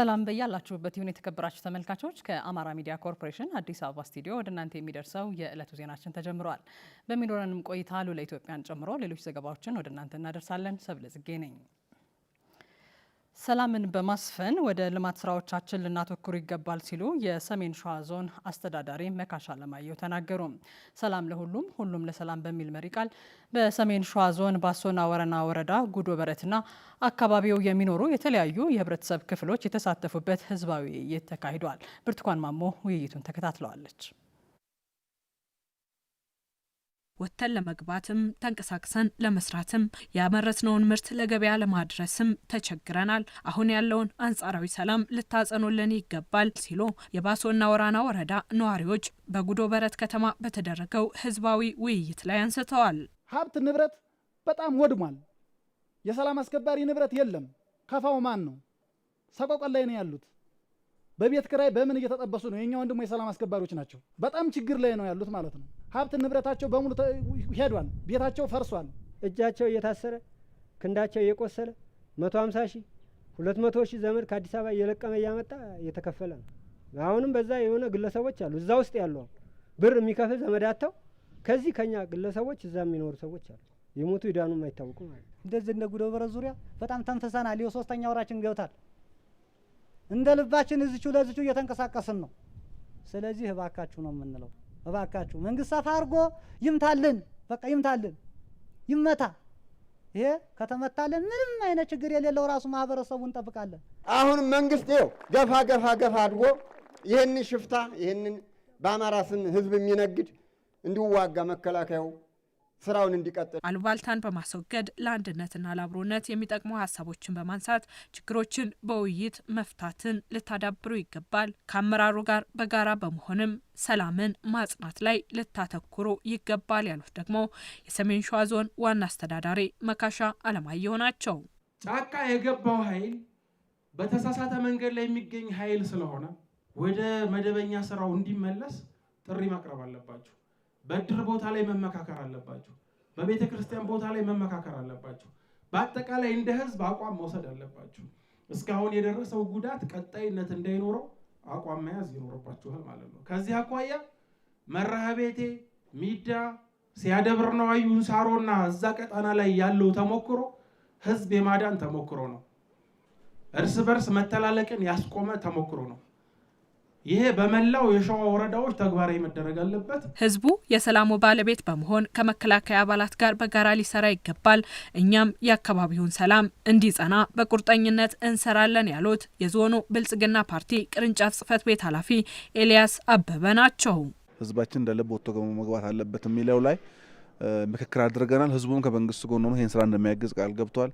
ሰላም በያላችሁበት ይሁን የተከበራችሁ ተመልካቾች። ከአማራ ሚዲያ ኮርፖሬሽን አዲስ አበባ ስቱዲዮ ወደ እናንተ የሚደርሰው የዕለቱ ዜናችን ተጀምሯል። በሚኖረንም ቆይታ ሉላ ኢትዮጵያን ጨምሮ ሌሎች ዘገባዎችን ወደ እናንተ እናደርሳለን። ሰብለ ጽጌ ነኝ። ሰላምን በማስፈን ወደ ልማት ስራዎቻችን ልናተኩሩ ይገባል ሲሉ የሰሜን ሸዋ ዞን አስተዳዳሪ መካሻ ለማየው ተናገሩ። ሰላም ለሁሉም ሁሉም ለሰላም በሚል መሪ ቃል በሰሜን ሸዋ ዞን ባሶና ወረና ወረዳ ጉዶ በረትና አካባቢው የሚኖሩ የተለያዩ የህብረተሰብ ክፍሎች የተሳተፉበት ህዝባዊ ውይይት ተካሂዷል። ብርቱካን ማሞ ውይይቱን ተከታትለዋለች። ወጥተን ለመግባትም ተንቀሳቅሰን ለመስራትም ያመረትነውን ምርት ለገበያ ለማድረስም ተቸግረናል። አሁን ያለውን አንጻራዊ ሰላም ልታጸኑልን ይገባል ሲሉ የባሶና ወራና ወረዳ ነዋሪዎች በጉዶ በረት ከተማ በተደረገው ህዝባዊ ውይይት ላይ አንስተዋል። ሀብት ንብረት በጣም ወድሟል። የሰላም አስከባሪ ንብረት የለም። ከፋው ማን ነው? ሰቆቀን ላይ ነው ያሉት። በቤት ክራይ በምን እየተጠበሱ ነው። የኛ ወንድሞ የሰላም አስከባሪዎች ናቸው። በጣም ችግር ላይ ነው ያሉት ማለት ነው። ሀብት ንብረታቸው በሙሉ ሄዷል። ቤታቸው ፈርሷል። እጃቸው እየታሰረ ክንዳቸው እየቆሰለ መቶ ሀምሳ ሺህ ሁለት መቶ ሺህ ዘመድ ከአዲስ አበባ እየለቀመ እያመጣ እየተከፈለ ነው። አሁንም በዛ የሆነ ግለሰቦች አሉ እዛ ውስጥ ያለው ብር የሚከፍል ዘመድ አጥተው ከዚህ ከኛ ግለሰቦች እዛ የሚኖሩ ሰዎች አሉ። የሞቱ ይዳኑ አይታወቁም እንደዚህ እነ ጉደበረ ዙሪያ በጣም ተንፈሳናል። ሊሆ ሶስተኛ ወራችን ገብታል። እንደ ልባችን እዚችው ለዚችው እየተንቀሳቀስን ነው። ስለዚህ እባካችሁ ነው የምንለው፣ እባካችሁ መንግስት ሰፋ አድርጎ ይምታልን፣ በቃ ይምታልን፣ ይመታ። ይሄ ከተመታለን ምንም አይነት ችግር የሌለው ራሱ ማህበረሰቡ እንጠብቃለን። አሁን መንግስት ይኸው ገፋ ገፋ ገፋ አድርጎ ይህንን ሽፍታ ይህንን በአማራ ስም ህዝብ የሚነግድ እንዲዋጋ መከላከያው ስራውን እንዲቀጥል አሉባልታን በማስወገድ ለአንድነትና ለአብሮነት የሚጠቅሙ ሀሳቦችን በማንሳት ችግሮችን በውይይት መፍታትን ልታዳብሩ ይገባል። ከአመራሩ ጋር በጋራ በመሆንም ሰላምን ማጽናት ላይ ልታተኩሩ ይገባል ያሉት ደግሞ የሰሜን ሸዋ ዞን ዋና አስተዳዳሪ መካሻ አለማየሁ ናቸው። ጫካ የገባው ኃይል በተሳሳተ መንገድ ላይ የሚገኝ ኃይል ስለሆነ ወደ መደበኛ ስራው እንዲመለስ ጥሪ ማቅረብ አለባቸው። በእድር ቦታ ላይ መመካከር አለባችሁ። በቤተ ክርስቲያን ቦታ ላይ መመካከር አለባችሁ። በአጠቃላይ እንደ ህዝብ አቋም መውሰድ አለባችሁ። እስካሁን የደረሰው ጉዳት ቀጣይነት እንዳይኖረው አቋም መያዝ ይኖርባችኋል ማለት ነው። ከዚህ አኳያ መራሃ ቤቴ ሚዳ ሲያደብር ነው አዩን ሳሮና እዛ ቀጠና ላይ ያለው ተሞክሮ ህዝብ የማዳን ተሞክሮ ነው። እርስ በርስ መተላለቅን ያስቆመ ተሞክሮ ነው። ይሄ በመላው የሸዋ ወረዳዎች ተግባራዊ መደረግ አለበት። ህዝቡ የሰላሙ ባለቤት በመሆን ከመከላከያ አባላት ጋር በጋራ ሊሰራ ይገባል። እኛም የአካባቢውን ሰላም እንዲጸና በቁርጠኝነት እንሰራለን ያሉት የዞኑ ብልጽግና ፓርቲ ቅርንጫፍ ጽህፈት ቤት ኃላፊ ኤልያስ አበበ ናቸው። ህዝባችን እንደ ልብ ወጥቶ መግባት አለበት የሚለው ላይ ምክክር አድርገናል። ህዝቡም ከመንግስት ጎን ሆኖ ይህን ስራ እንደሚያግዝ ቃል ገብቷል።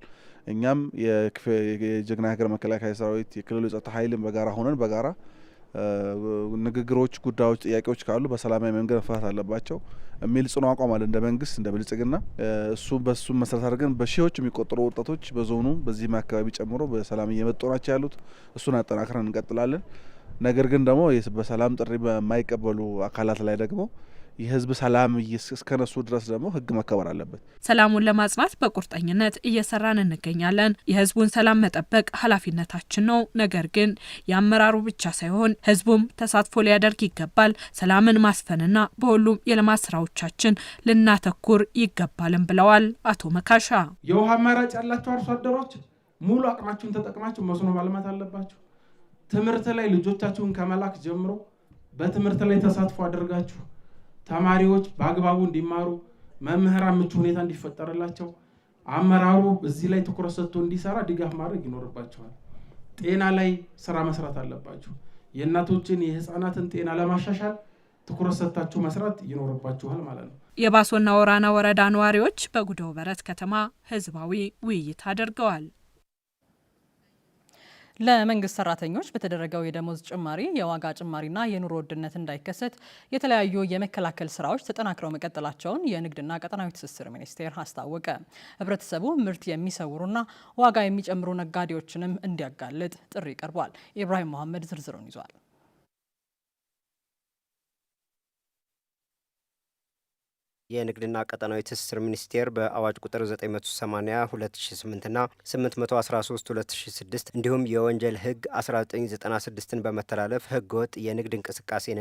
እኛም የጀግና ሀገር መከላከያ ሰራዊት፣ የክልሉ የጸጥታ ኃይልን በጋራ ሆነን በጋራ ንግግሮች፣ ጉዳዮች፣ ጥያቄዎች ካሉ በሰላማዊ መንገድ መፈታት አለባቸው የሚል ጽኑ አቋም አለ እንደ መንግስት እንደ ብልጽግና። እሱ በሱ መሰረት አድርገን በሺዎች የሚቆጠሩ ወጣቶች በዞኑ በዚህም አካባቢ ጨምሮ በሰላም እየመጡ ናቸው ያሉት። እሱን አጠናክረን እንቀጥላለን። ነገር ግን ደግሞ በሰላም ጥሪ በማይቀበሉ አካላት ላይ ደግሞ የህዝብ ሰላም እስከነሱ ድረስ ደግሞ ህግ መከበር አለበት። ሰላሙን ለማጽናት በቁርጠኝነት እየሰራን እንገኛለን። የህዝቡን ሰላም መጠበቅ ኃላፊነታችን ነው። ነገር ግን የአመራሩ ብቻ ሳይሆን ህዝቡም ተሳትፎ ሊያደርግ ይገባል። ሰላምን ማስፈንና በሁሉም የልማት ስራዎቻችን ልናተኩር ይገባልን ብለዋል አቶ መካሻ። የውሃ አማራጭ ያላቸው አርሶ አደሮች ሙሉ አቅማችሁን ተጠቅማችሁ መስኖ ማልማት አለባችሁ። ትምህርት ላይ ልጆቻችሁን ከመላክ ጀምሮ በትምህርት ላይ ተሳትፎ አድርጋችሁ ተማሪዎች በአግባቡ እንዲማሩ መምህራን ምቹ ሁኔታ እንዲፈጠርላቸው አመራሩ እዚህ ላይ ትኩረት ሰጥቶ እንዲሰራ ድጋፍ ማድረግ ይኖርባቸዋል። ጤና ላይ ስራ መስራት አለባችሁ። የእናቶችን የህፃናትን ጤና ለማሻሻል ትኩረት ሰጥታችሁ መስራት ይኖርባችኋል ማለት ነው። የባሶና ወራና ወረዳ ነዋሪዎች በጉደው በረት ከተማ ህዝባዊ ውይይት አድርገዋል። ለመንግስት ሰራተኞች በተደረገው የደሞዝ ጭማሪ የዋጋ ጭማሪና የኑሮ ውድነት እንዳይከሰት የተለያዩ የመከላከል ስራዎች ተጠናክረው መቀጠላቸውን የንግድና ቀጠናዊ ትስስር ሚኒስቴር አስታወቀ። ህብረተሰቡ ምርት የሚሰውሩና ዋጋ የሚጨምሩ ነጋዴዎችንም እንዲያጋልጥ ጥሪ ቀርቧል። ኢብራሂም መሐመድ ዝርዝሩን ይዟል። የንግድና ቀጠናዊ ትስስር ሚኒስቴር በአዋጅ ቁጥር 980/2008 ና 813/2006 እንዲሁም የወንጀል ህግ 1996ን በመተላለፍ ወጥ የንግድ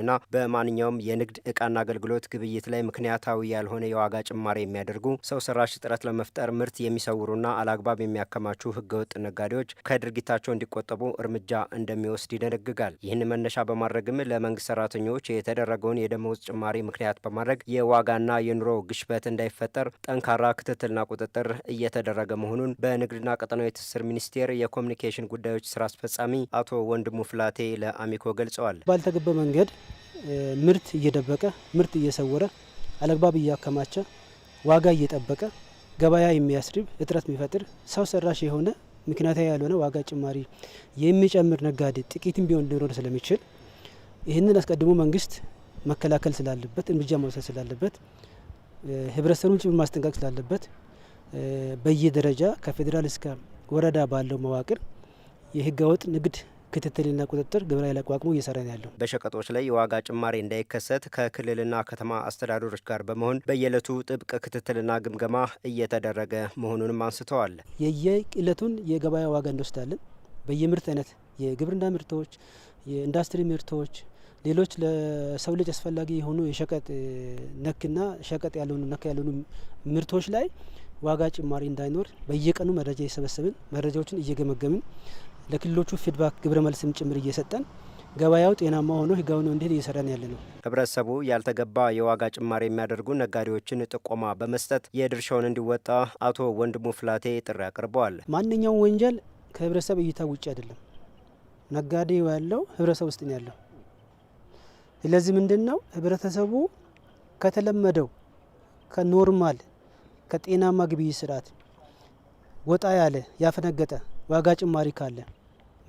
ና በማንኛውም የንግድ እቃና አገልግሎት ግብይት ላይ ምክንያታዊ ያልሆነ የዋጋ ጭማሪ የሚያደርጉ ሰው ሰራሽ ጥረት ለመፍጠር ምርት የሚሰውሩና አላግባብ የሚያከማቹ ወጥ ነጋዴዎች ከድርጊታቸው እንዲቆጠቡ እርምጃ እንደሚወስድ ይደነግጋል። ይህን መነሻ በማድረግም ለመንግስት ሰራተኞች የተደረገውን የደመወዝ ጭማሪ ምክንያት በማድረግ የዋጋና የኑሮ ግሽበት እንዳይፈጠር ጠንካራ ክትትልና ቁጥጥር እየተደረገ መሆኑን በንግድና ቀጠናዊ ትስስር ሚኒስቴር የኮሚኒኬሽን ጉዳዮች ስራ አስፈጻሚ አቶ ወንድሙ ፍላቴ ለአሚኮ ገልጸዋል። ባልተገባ መንገድ ምርት እየደበቀ ምርት እየሰወረ አለግባብ እያከማቸ ዋጋ እየጠበቀ ገበያ የሚያስድብ እጥረት የሚፈጥር ሰው ሰራሽ የሆነ ምክንያታዊ ያልሆነ ዋጋ ጭማሪ የሚጨምር ነጋዴ ጥቂትም ቢሆን ሊኖር ስለሚችል ይህንን አስቀድሞ መንግስት መከላከል ስላለበት እርምጃ መውሰድ ስላለበት ህብረተሰቡን ጭምር ማስጠንቀቅ ስላለበት በየደረጃ ከፌዴራል እስከ ወረዳ ባለው መዋቅር የህገወጥ ንግድ ክትትልና ቁጥጥር ግብረ ኃይል አቋቁሞ እየሰራ ነው ያለው። በሸቀጦች ላይ የዋጋ ጭማሪ እንዳይከሰት ከክልልና ከተማ አስተዳደሮች ጋር በመሆን በየዕለቱ ጥብቅ ክትትልና ግምገማ እየተደረገ መሆኑንም አንስተዋል። የየዕለቱን የገበያ ዋጋ እንወስዳለን። በየምርት አይነት የግብርና ምርቶች፣ የኢንዱስትሪ ምርቶች ሌሎች ለሰው ልጅ አስፈላጊ የሆኑ የሸቀጥ ነክና ሸቀጥ ያልሆኑ ነክ ያልሆኑ ምርቶች ላይ ዋጋ ጭማሪ እንዳይኖር በየቀኑ መረጃ እየሰበሰብን መረጃዎችን እየገመገምን ለክልሎቹ ፊድባክ ግብረ መልስም ጭምር እየሰጠን ገበያው ጤናማ ሆኖ ህጋዊ ነው እንዲል እየሰራን ያለ ነው። ህብረተሰቡ ያልተገባ የዋጋ ጭማሪ የሚያደርጉ ነጋዴዎችን ጥቆማ በመስጠት የድርሻውን እንዲወጣ አቶ ወንድሙ ፍላቴ ጥሪ አቅርበዋል። ማንኛውም ወንጀል ከህብረተሰብ እይታ ውጭ አይደለም። ነጋዴው ያለው ህብረተሰብ ውስጥ ነው ያለው። ስለዚህ ምንድን ነው ህብረተሰቡ ከተለመደው ከኖርማል ከጤናማ ግብይት ስርዓት ወጣ ያለ ያፈነገጠ ዋጋ ጭማሪ ካለ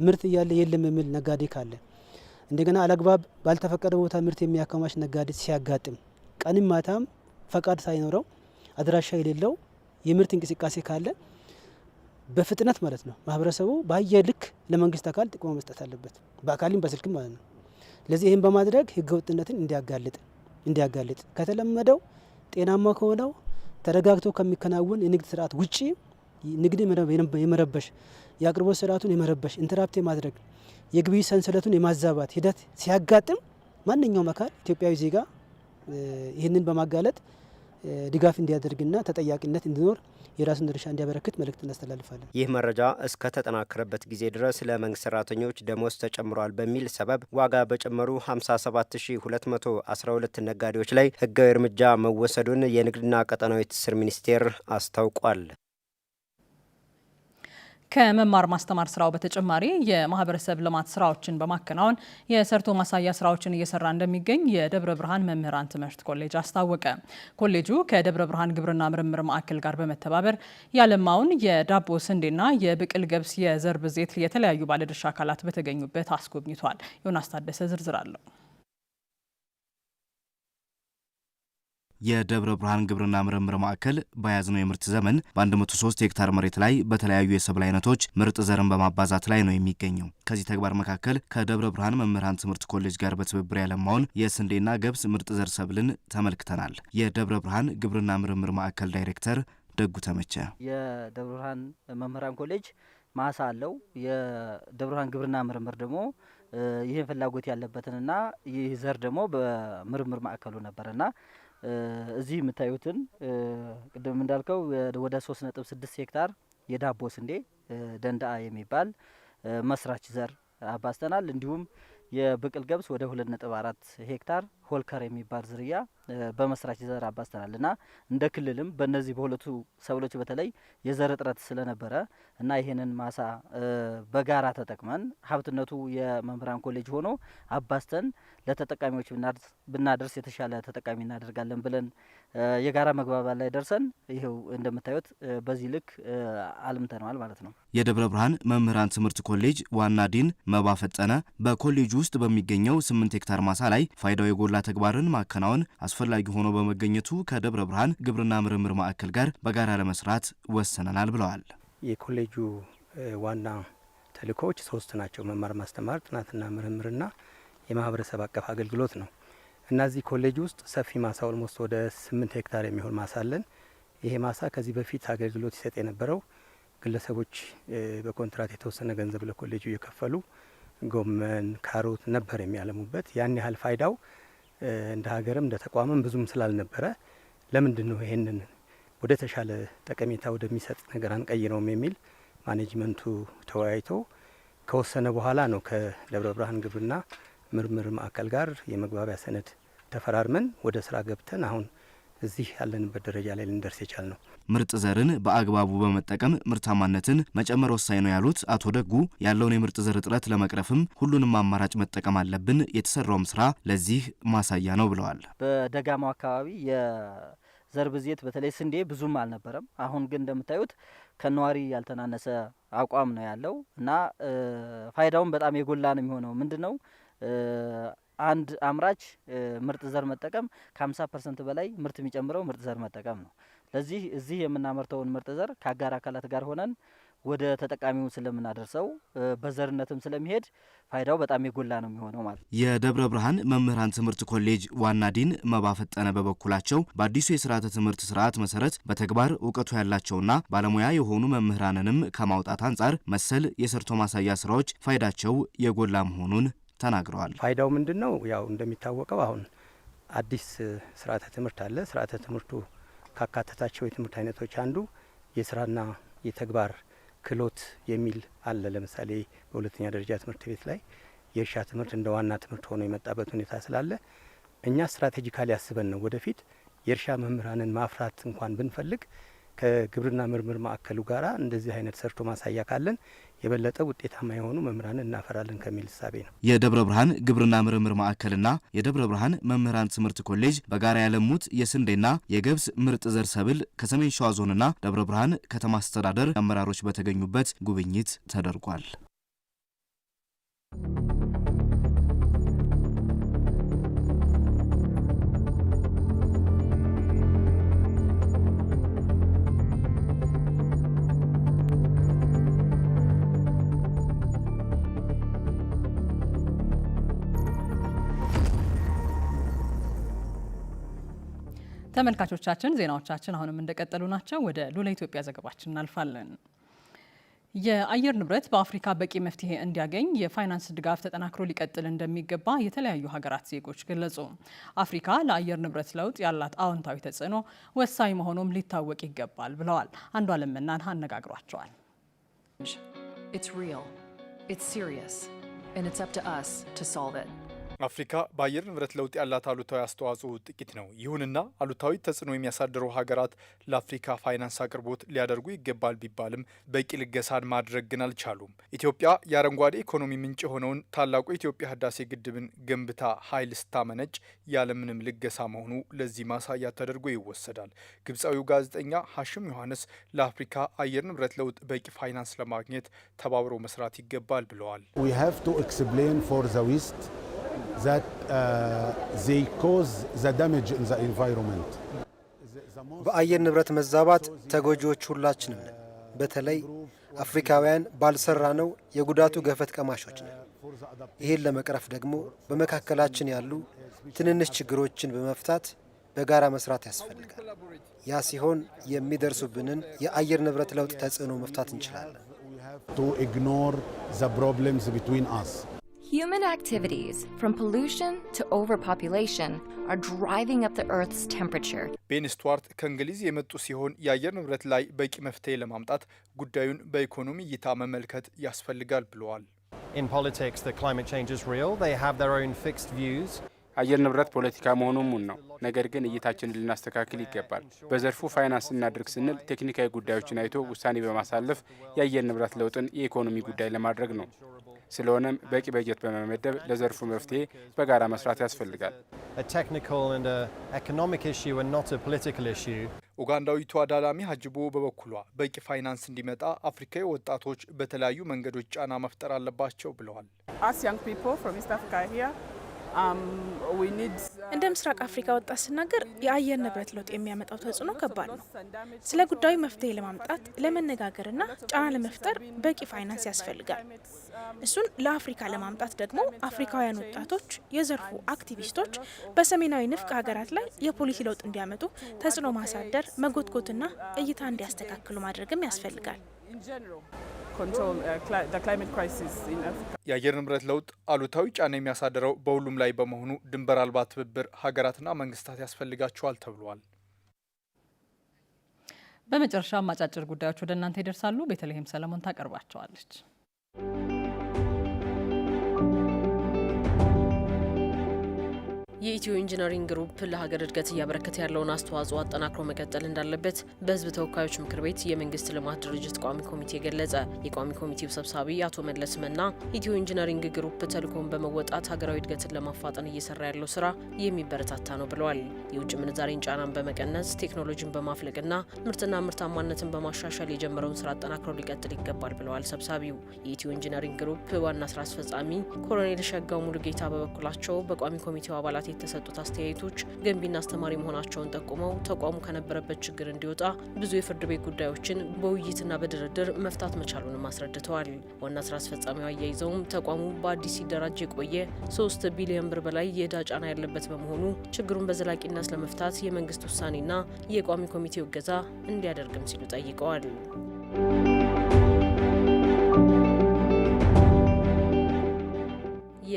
ምርት እያለ የለም የሚል ነጋዴ ካለ እንደገና አላግባብ ባልተፈቀደ ቦታ ምርት የሚያከማች ነጋዴ ሲያጋጥም ቀንም ማታም ፈቃድ ሳይኖረው አድራሻ የሌለው የምርት እንቅስቃሴ ካለ በፍጥነት ማለት ነው ማህበረሰቡ ባየ ልክ ለመንግስት አካል ጥቆማ መስጠት አለበት፣ በአካልም በስልክም ማለት ነው። ለዚህ ይህን በማድረግ ህገወጥነትን እንዲያጋልጥ እንዲያጋልጥ ከተለመደው ጤናማ ከሆነው ተረጋግቶ ከሚከናወን የንግድ ስርዓት ውጪ ንግድ የመረበሽ የአቅርቦት ስርዓቱን የመረበሽ ኢንተራፕት የማድረግ የግብይ ሰንሰለቱን የማዛባት ሂደት ሲያጋጥም ማንኛውም አካል ኢትዮጵያዊ ዜጋ ይህንን በማጋለጥ ድጋፍ እንዲያደርግና ተጠያቂነት እንዲኖር የራሱን ድርሻ እንዲያበረክት መልእክት እናስተላልፋለን። ይህ መረጃ እስከተጠናከረበት ጊዜ ድረስ ለመንግስት ሰራተኞች ደሞዝ ተጨምሯል በሚል ሰበብ ዋጋ በጨመሩ 57212 ነጋዴዎች ላይ ህጋዊ እርምጃ መወሰዱን የንግድና ቀጠናዊ ትስስር ሚኒስቴር አስታውቋል። ከመማር ማስተማር ስራው በተጨማሪ የማህበረሰብ ልማት ስራዎችን በማከናወን የሰርቶ ማሳያ ስራዎችን እየሰራ እንደሚገኝ የደብረ ብርሃን መምህራን ትምህርት ኮሌጅ አስታወቀ። ኮሌጁ ከደብረ ብርሃን ግብርና ምርምር ማዕከል ጋር በመተባበር ያለማውን የዳቦ ስንዴና የብቅል ገብስ የዘር ብዜት የተለያዩ ባለድርሻ አካላት በተገኙበት አስጎብኝቷል። ዮናስ ታደሰ ዝርዝር አለው። የደብረ ብርሃን ግብርና ምርምር ማዕከል በያዝነው የምርት ዘመን በ103 ሄክታር መሬት ላይ በተለያዩ የሰብል አይነቶች ምርጥ ዘርን በማባዛት ላይ ነው የሚገኘው። ከዚህ ተግባር መካከል ከደብረ ብርሃን መምህራን ትምህርት ኮሌጅ ጋር በትብብር ያለማውን የስንዴና ገብስ ምርጥ ዘር ሰብልን ተመልክተናል። የደብረ ብርሃን ግብርና ምርምር ማዕከል ዳይሬክተር ደጉ ተመቸ የደብረ ብርሃን መምህራን ኮሌጅ ማሳ አለው። የደብረ ብርሃን ግብርና ምርምር ደግሞ ይህን ፍላጎት ያለበትንና ይህ ዘር ደግሞ በምርምር ማዕከሉ ነበርና እዚህ የምታዩትን ቅድም እንዳልከው ወደ ሶስት ነጥብ ስድስት ሄክታር የዳቦ ስንዴ ደንዳአ የሚባል መስራች ዘር አባስተናል እንዲሁም የብቅል ገብስ ወደ ሁለት ነጥብ አራት ሄክታር ሆልከር የሚባል ዝርያ በመስራች ዘር አባስተናል እና እንደ ክልልም በእነዚህ በሁለቱ ሰብሎች በተለይ የዘር እጥረት ስለነበረ እና ይህንን ማሳ በጋራ ተጠቅመን ሀብትነቱ የመምህራን ኮሌጅ ሆኖ አባስተን ለተጠቃሚዎች ብናደርስ የተሻለ ተጠቃሚ እናደርጋለን ብለን የጋራ መግባባት ላይ ደርሰን ይኸው እንደምታዩት በዚህ ልክ አልምተነዋል ማለት ነው። የደብረ ብርሃን መምህራን ትምህርት ኮሌጅ ዋና ዲን መባፈጠነ በኮሌጁ ውስጥ በሚገኘው ስምንት ሄክታር ማሳ ላይ ፋይዳው የጎላ ተግባርን ማከናወን አስፈላጊ ሆኖ በመገኘቱ ከደብረ ብርሃን ግብርና ምርምር ማዕከል ጋር በጋራ ለመስራት ወሰነናል ብለዋል። የኮሌጁ ዋና ተልእኮዎች ሶስት ናቸው። መማር ማስተማር፣ ጥናትና ምርምርና የማህበረሰብ አቀፍ አገልግሎት ነው እናዚህ ኮሌጅ ውስጥ ሰፊ ማሳ ኦልሞስት ወደ ስምንት ሄክታር የሚሆን ማሳ አለን። ይሄ ማሳ ከዚህ በፊት አገልግሎት ይሰጥ የነበረው ግለሰቦች በኮንትራት የተወሰነ ገንዘብ ለኮሌጁ እየከፈሉ ጎመን፣ ካሮት ነበር የሚያለሙበት። ያን ያህል ፋይዳው እንደ ሀገርም እንደ ተቋምም ብዙም ስላልነበረ ለምንድን ነው ይሄንን ወደ ተሻለ ጠቀሜታ ወደሚሰጥ ነገር አንቀይረውም የሚል ማኔጅመንቱ ተወያይቶ ከወሰነ በኋላ ነው ከደብረ ብርሃን ግብርና ምርምር ማዕከል ጋር የመግባቢያ ሰነድ ተፈራርመን ወደ ስራ ገብተን አሁን እዚህ ያለንበት ደረጃ ላይ ልንደርስ የቻል ነው። ምርጥ ዘርን በአግባቡ በመጠቀም ምርታማነትን መጨመር ወሳኝ ነው ያሉት አቶ ደጉ ያለውን የምርጥ ዘር እጥረት ለመቅረፍም ሁሉንም አማራጭ መጠቀም አለብን፣ የተሰራውም ስራ ለዚህ ማሳያ ነው ብለዋል። በደጋማው አካባቢ የዘር ብዜት በተለይ ስንዴ ብዙም አልነበረም። አሁን ግን እንደምታዩት ከነዋሪ ያልተናነሰ አቋም ነው ያለው እና ፋይዳውን በጣም የጎላ ነው የሚሆነው ምንድን ነው አንድ አምራች ምርጥ ዘር መጠቀም ከ50 ፐርሰንት በላይ ምርት የሚጨምረው ምርጥ ዘር መጠቀም ነው። ለዚህ እዚህ የምናመርተውን ምርጥ ዘር ከአጋር አካላት ጋር ሆነን ወደ ተጠቃሚው ስለምናደርሰው በዘርነትም ስለሚሄድ ፋይዳው በጣም የጎላ ነው የሚሆነው ማለት ነው። የደብረ ብርሃን መምህራን ትምህርት ኮሌጅ ዋና ዲን መባፈጠነ በበኩላቸው በአዲሱ የስርዓተ ትምህርት ስርዓት መሰረት በተግባር እውቀቱ ያላቸውና ባለሙያ የሆኑ መምህራንንም ከማውጣት አንጻር መሰል የሰርቶ ማሳያ ስራዎች ፋይዳቸው የጎላ መሆኑን ተናግረዋል። ፋይዳው ምንድን ነው? ያው እንደሚታወቀው አሁን አዲስ ስርዓተ ትምህርት አለ። ስርዓተ ትምህርቱ ካካተታቸው የትምህርት አይነቶች አንዱ የስራና የተግባር ክህሎት የሚል አለ። ለምሳሌ በሁለተኛ ደረጃ ትምህርት ቤት ላይ የእርሻ ትምህርት እንደ ዋና ትምህርት ሆኖ የመጣበት ሁኔታ ስላለ እኛ ስትራቴጂካሊ ያስበን ነው ወደፊት የእርሻ መምህራንን ማፍራት እንኳን ብንፈልግ ከግብርና ምርምር ማዕከሉ ጋራ እንደዚህ አይነት ሰርቶ ማሳያ ካለን የበለጠ ውጤታማ የሆኑ መምህራን እናፈራለን ከሚል እሳቤ ነው። የደብረ ብርሃን ግብርና ምርምር ማዕከልና የደብረ ብርሃን መምህራን ትምህርት ኮሌጅ በጋራ ያለሙት የስንዴና የገብስ ምርጥ ዘር ሰብል ከሰሜን ሸዋ ዞንና ደብረ ብርሃን ከተማ አስተዳደር አመራሮች በተገኙበት ጉብኝት ተደርጓል። ተመልካቾቻችን ዜናዎቻችን አሁንም እንደቀጠሉ ናቸው። ወደ ሉላ ኢትዮጵያ ዘገባችን እናልፋለን። የአየር ንብረት በአፍሪካ በቂ መፍትሄ እንዲያገኝ የፋይናንስ ድጋፍ ተጠናክሮ ሊቀጥል እንደሚገባ የተለያዩ ሀገራት ዜጎች ገለጹ። አፍሪካ ለአየር ንብረት ለውጥ ያላት አዎንታዊ ተጽዕኖ ወሳኝ መሆኑም ሊታወቅ ይገባል ብለዋል። አንዷለም መናን አነጋግሯቸዋል። It's real. It's serious. And it's up to us to solve it. አፍሪካ በአየር ንብረት ለውጥ ያላት አሉታዊ አስተዋጽኦ ጥቂት ነው። ይሁንና አሉታዊ ተጽዕኖ የሚያሳድሩ ሀገራት ለአፍሪካ ፋይናንስ አቅርቦት ሊያደርጉ ይገባል ቢባልም በቂ ልገሳን ማድረግ ግን አልቻሉም። ኢትዮጵያ የአረንጓዴ ኢኮኖሚ ምንጭ የሆነውን ታላቁ የኢትዮጵያ ህዳሴ ግድብን ገንብታ ኃይል ስታመነጭ ያለምንም ልገሳ መሆኑ ለዚህ ማሳያ ተደርጎ ይወሰዳል። ግብፃዊው ጋዜጠኛ ሀሽም ዮሐንስ ለአፍሪካ አየር ንብረት ለውጥ በቂ ፋይናንስ ለማግኘት ተባብሮ መስራት ይገባል ብለዋል። that uh, they cause the damage in the environment። በአየር ንብረት መዛባት ተጎጂዎች ሁላችንም ነን። በተለይ አፍሪካውያን ባልሰራ ነው የጉዳቱ ገፈት ቀማሾች ነን። ይህን ለመቅረፍ ደግሞ በመካከላችን ያሉ ትንንሽ ችግሮችን በመፍታት በጋራ መስራት ያስፈልጋል። ያ ሲሆን የሚደርሱብንን የአየር ንብረት ለውጥ ተጽዕኖ መፍታት እንችላለን። Human activities, from pollution to overpopulation, are driving up the Earth's temperature. ቤን ስቱዋርት ከእንግሊዝ የመጡ ሲሆን የአየር ንብረት ላይ በቂ መፍትሄ ለማምጣት ጉዳዩን በኢኮኖሚ እይታ መመልከት ያስፈልጋል ብለዋል። In politics, the climate change is real. They have their own fixed views. አየር ንብረት ፖለቲካ መሆኑ ሙን ነው። ነገር ግን እይታችንን ልናስተካክል ይገባል። በዘርፉ ፋይናንስ እናድርግ ስንል ቴክኒካዊ ጉዳዮችን አይቶ ውሳኔ በማሳለፍ የአየር ንብረት ለውጥን የኢኮኖሚ ጉዳይ ለማድረግ ነው። ስለሆነም በቂ በጀት በመመደብ ለዘርፉ መፍትሄ በጋራ መስራት ያስፈልጋል። ኡጋንዳዊቷ አዳላሚ ሀጅቦ በበኩሏ በቂ ፋይናንስ እንዲመጣ አፍሪካዊ ወጣቶች በተለያዩ መንገዶች ጫና መፍጠር አለባቸው ብለዋል። Um, uh, እንደ ምስራቅ አፍሪካ ወጣት ስናገር የአየር ንብረት ለውጥ የሚያመጣው ተጽዕኖ ከባድ ነው። ስለ ጉዳዩ መፍትሄ ለማምጣት ለመነጋገርና ጫና ለመፍጠር በቂ ፋይናንስ ያስፈልጋል። እሱን ለአፍሪካ ለማምጣት ደግሞ አፍሪካውያን ወጣቶች፣ የዘርፉ አክቲቪስቶች በሰሜናዊ ንፍቅ ሀገራት ላይ የፖሊሲ ለውጥ እንዲያመጡ ተጽዕኖ ማሳደር፣ መጎትጎትና እይታ እንዲያስተካክሉ ማድረግም ያስፈልጋል። Uh, የአየር ንብረት ለውጥ አሉታዊ ጫና የሚያሳድረው በሁሉም ላይ በመሆኑ ድንበር አልባ ትብብር ሀገራትና መንግስታት ያስፈልጋቸዋል ተብሏል። በመጨረሻም አጫጭር ጉዳዮች ወደ እናንተ ይደርሳሉ። ቤተልሔም ሰለሞን ታቀርባቸዋለች። የኢትዮ ኢንጂነሪንግ ግሩፕ ለሀገር እድገት እያበረከተ ያለውን አስተዋጽኦ አጠናክሮ መቀጠል እንዳለበት በሕዝብ ተወካዮች ምክር ቤት የመንግስት ልማት ድርጅት ቋሚ ኮሚቴ ገለጸ። የቋሚ ኮሚቴው ሰብሳቢ አቶ መለስ መና ኢትዮ ኢንጂነሪንግ ግሩፕ ተልዕኮውን በመወጣት ሀገራዊ እድገትን ለማፋጠን እየሰራ ያለው ስራ የሚበረታታ ነው ብለዋል። የውጭ ምንዛሬን ጫናን በመቀነስ ቴክኖሎጂን በማፍለቅና ምርትና ምርታማነትን በማሻሻል የጀመረውን ስራ አጠናክሮ ሊቀጥል ይገባል ብለዋል ሰብሳቢው። የኢትዮ ኢንጂነሪንግ ግሩፕ ዋና ስራ አስፈጻሚ ኮሎኔል ሸጋው ሙሉጌታ በበኩላቸው በቋሚ ኮሚቴው አባላት አካላት የተሰጡት አስተያየቶች ገንቢና አስተማሪ መሆናቸውን ጠቁመው ተቋሙ ከነበረበት ችግር እንዲወጣ ብዙ የፍርድ ቤት ጉዳዮችን በውይይትና በድርድር መፍታት መቻሉንም አስረድተዋል። ዋና ስራ አስፈጻሚው አያይዘውም ተቋሙ በአዲስ ሲደራጅ የቆየ ሶስት ቢሊዮን ብር በላይ የዕዳ ጫና ያለበት በመሆኑ ችግሩን በዘላቂነት ለመፍታት የመንግስት ውሳኔና የቋሚ ኮሚቴው እገዛ እንዲያደርግም ሲሉ ጠይቀዋል።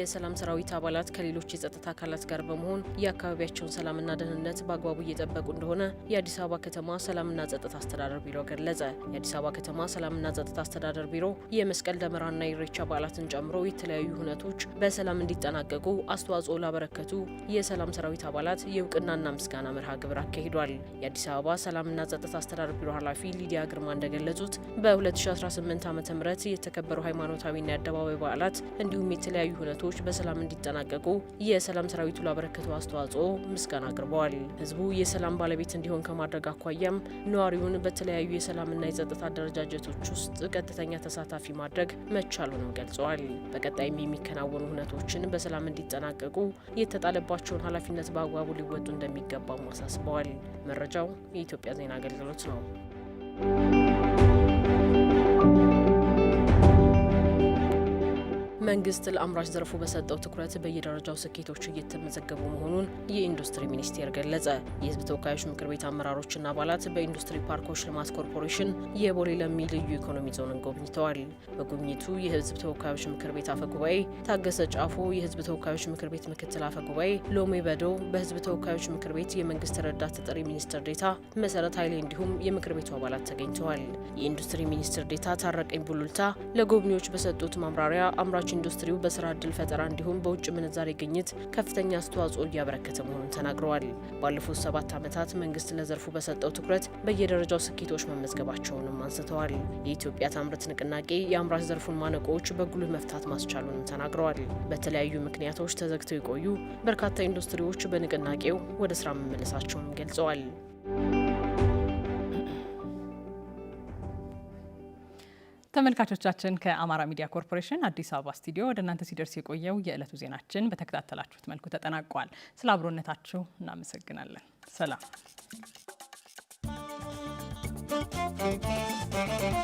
የሰላም ሰራዊት አባላት ከሌሎች የጸጥታ አካላት ጋር በመሆን የአካባቢያቸውን ሰላምና ደህንነት በአግባቡ እየጠበቁ እንደሆነ የአዲስ አበባ ከተማ ሰላምና ጸጥታ አስተዳደር ቢሮ ገለጸ። የአዲስ አበባ ከተማ ሰላምና ጸጥታ አስተዳደር ቢሮ የመስቀል ደመራና የኢሬቻ በዓላትን ጨምሮ የተለያዩ ሁነቶች በሰላም እንዲጠናቀቁ አስተዋጽኦ ላበረከቱ የሰላም ሰራዊት አባላት የእውቅናና ምስጋና መርሃ ግብር አካሂዷል። የአዲስ አበባ ሰላምና ጸጥታ አስተዳደር ቢሮ ኃላፊ ሊዲያ ግርማ እንደገለጹት በ2018 ዓ ም የተከበሩ ሃይማኖታዊና የአደባባይ በዓላት እንዲሁም የተለያዩ ሁነቶች ግጭቶች በሰላም እንዲጠናቀቁ የሰላም ሰራዊቱ ላበረከተው አስተዋጽኦ ምስጋና አቅርበዋል። ህዝቡ የሰላም ባለቤት እንዲሆን ከማድረግ አኳያም ነዋሪውን በተለያዩ የሰላምና የጸጥታ አደረጃጀቶች ውስጥ ቀጥተኛ ተሳታፊ ማድረግ መቻሉንም ገልጸዋል። በቀጣይም የሚከናወኑ ሁነቶችን በሰላም እንዲጠናቀቁ የተጣለባቸውን ኃላፊነት በአግባቡ ሊወጡ እንደሚገባም አሳስበዋል። መረጃው የኢትዮጵያ ዜና አገልግሎት ነው። መንግስት ለአምራች ዘርፉ በሰጠው ትኩረት በየደረጃው ስኬቶች እየተመዘገቡ መሆኑን የኢንዱስትሪ ሚኒስቴር ገለጸ። የህዝብ ተወካዮች ምክር ቤት አመራሮችና አባላት በኢንዱስትሪ ፓርኮች ልማት ኮርፖሬሽን የቦሌ ለሚ ልዩ ኢኮኖሚ ዞንን ጎብኝተዋል። በጉብኝቱ የህዝብ ተወካዮች ምክር ቤት አፈ ጉባኤ ታገሰ ጫፎ፣ የህዝብ ተወካዮች ምክር ቤት ምክትል አፈ ጉባኤ ሎሜ በዶ፣ በህዝብ ተወካዮች ምክር ቤት የመንግስት ረዳት ተጠሪ ሚኒስትር ዴታ መሰረት ኃይሌ እንዲሁም የምክር ቤቱ አባላት ተገኝተዋል። የኢንዱስትሪ ሚኒስትር ዴታ ታረቀኝ ቡሉልታ ለጎብኚዎች በሰጡት ማምራሪያ አምራች ሴቶች ኢንዱስትሪው በስራ እድል ፈጠራ እንዲሁም በውጭ ምንዛሬ ግኝት ከፍተኛ አስተዋጽኦ እያበረከተ መሆኑን ተናግረዋል። ባለፉት ሰባት ዓመታት መንግስት ለዘርፉ በሰጠው ትኩረት በየደረጃው ስኬቶች መመዝገባቸውንም አንስተዋል። የኢትዮጵያ ታምርት ንቅናቄ የአምራች ዘርፉን ማነቆዎች በጉልህ መፍታት ማስቻሉንም ተናግረዋል። በተለያዩ ምክንያቶች ተዘግተው የቆዩ በርካታ ኢንዱስትሪዎች በንቅናቄው ወደ ስራ መመለሳቸውን ገልጸዋል። ተመልካቾቻችን ከአማራ ሚዲያ ኮርፖሬሽን አዲስ አበባ ስቱዲዮ ወደ እናንተ ሲደርስ የቆየው የዕለቱ ዜናችን በተከታተላችሁት መልኩ ተጠናቋል። ስለ አብሮነታችሁ እናመሰግናለን። ሰላም